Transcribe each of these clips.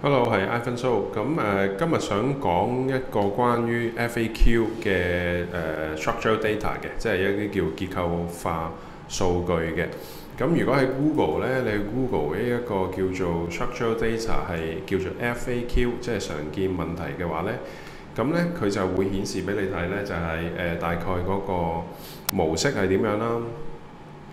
Hello，我係 Ivan So。咁誒，今日想講一個關於 FAQ 嘅誒 structural data 嘅，即係一啲叫結構化數據嘅。咁如果喺 Google 咧，你 Google 呢一個叫做 structural data 係叫做 FAQ，即係常見問題嘅話咧，咁咧佢就會顯示俾你睇咧，就係誒大概嗰個模式係點樣啦。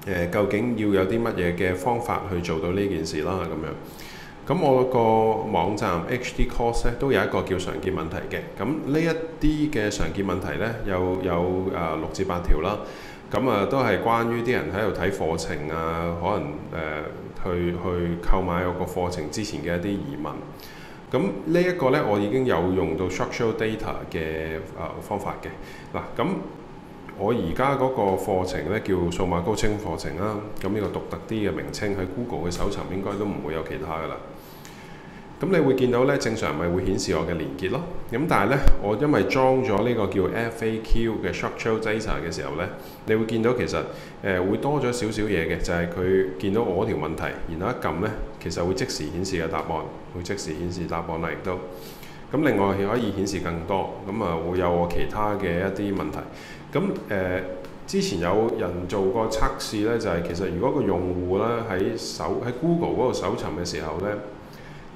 誒，究竟要有啲乜嘢嘅方法去做到呢件事啦？咁樣。咁我個網站 HD Course 咧都有一個叫常見問題嘅，咁呢一啲嘅常見問題咧有有誒六至八條啦，咁啊、呃、都係關於啲人喺度睇課程啊，可能誒、呃、去去購買我個課程之前嘅一啲疑問，咁呢一個咧我已經有用到 structural data 嘅誒、呃、方法嘅，嗱咁。我而家嗰個課程咧叫數碼高清課程啦、啊，咁呢個獨特啲嘅名稱喺 Google 嘅搜尋應該都唔會有其他噶啦。咁你會見到呢，正常咪會顯示我嘅連結咯。咁但係呢，我因為裝咗呢個叫 FAQ 嘅 Structural Data 嘅時候呢，你會見到其實誒、呃、會多咗少少嘢嘅，就係、是、佢見到我條問題，然後一撳呢，其實會即時顯示嘅答案，會即時顯示答案嚟、啊、到。咁另外可以顯示更多，咁啊會有我其他嘅一啲問題。咁誒、呃、之前有人做過測試呢，就係、是、其實如果個用戶呢喺搜喺 Google 嗰度搜尋嘅時候呢，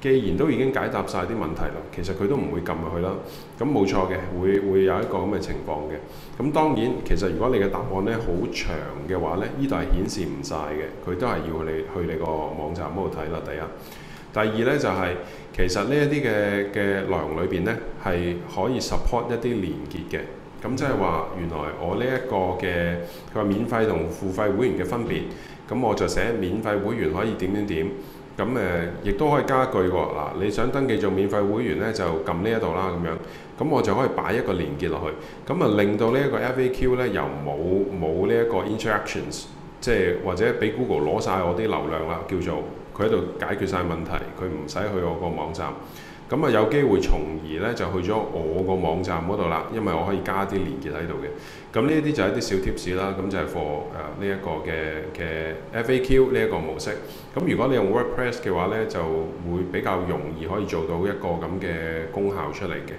既然都已經解答晒啲問題啦，其實佢都唔會撳入去啦。咁冇錯嘅，會會有一個咁嘅情況嘅。咁當然其實如果你嘅答案呢好長嘅話呢，呢度係顯示唔晒嘅，佢都係要你去你個網站嗰度睇啦。第一，第二呢，就係、是。其實呢一啲嘅嘅內容裏邊呢，係可以 support 一啲連結嘅。咁即係話，原來我呢一個嘅佢話免費同付費會員嘅分別，咁我就寫免費會員可以點點點。咁誒、呃，亦都可以加句喎嗱、啊，你想登記做免費會員呢，就撳呢一度啦咁樣。咁我就可以擺一個連結落去。咁啊，令到呢一個 FAQ 呢，又冇冇呢一個 interactions，即係或者俾 Google 攞晒我啲流量啦，叫做。喺度解決晒問題，佢唔使去我個網站，咁啊，有機會從而咧就去咗我個網站嗰度啦，因為我可以加啲連結喺度嘅。咁呢啲就係一啲小貼士啦。咁就係 for 誒呢一個嘅嘅 FAQ 呢一個模式。咁如果你用 WordPress 嘅話咧，就會比較容易可以做到一個咁嘅功效出嚟嘅。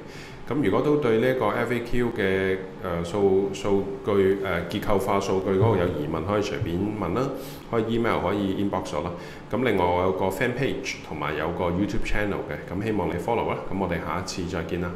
咁如果都對呢個 FAQ 嘅誒、呃、數數據誒、呃、結構化數據嗰個有疑問，可以隨便問啦，可以 email 可以 inbox 咗啦。咁另外我有個 fan page 同埋有個 YouTube channel 嘅，咁希望你 follow 啦。咁我哋下一次再見啦。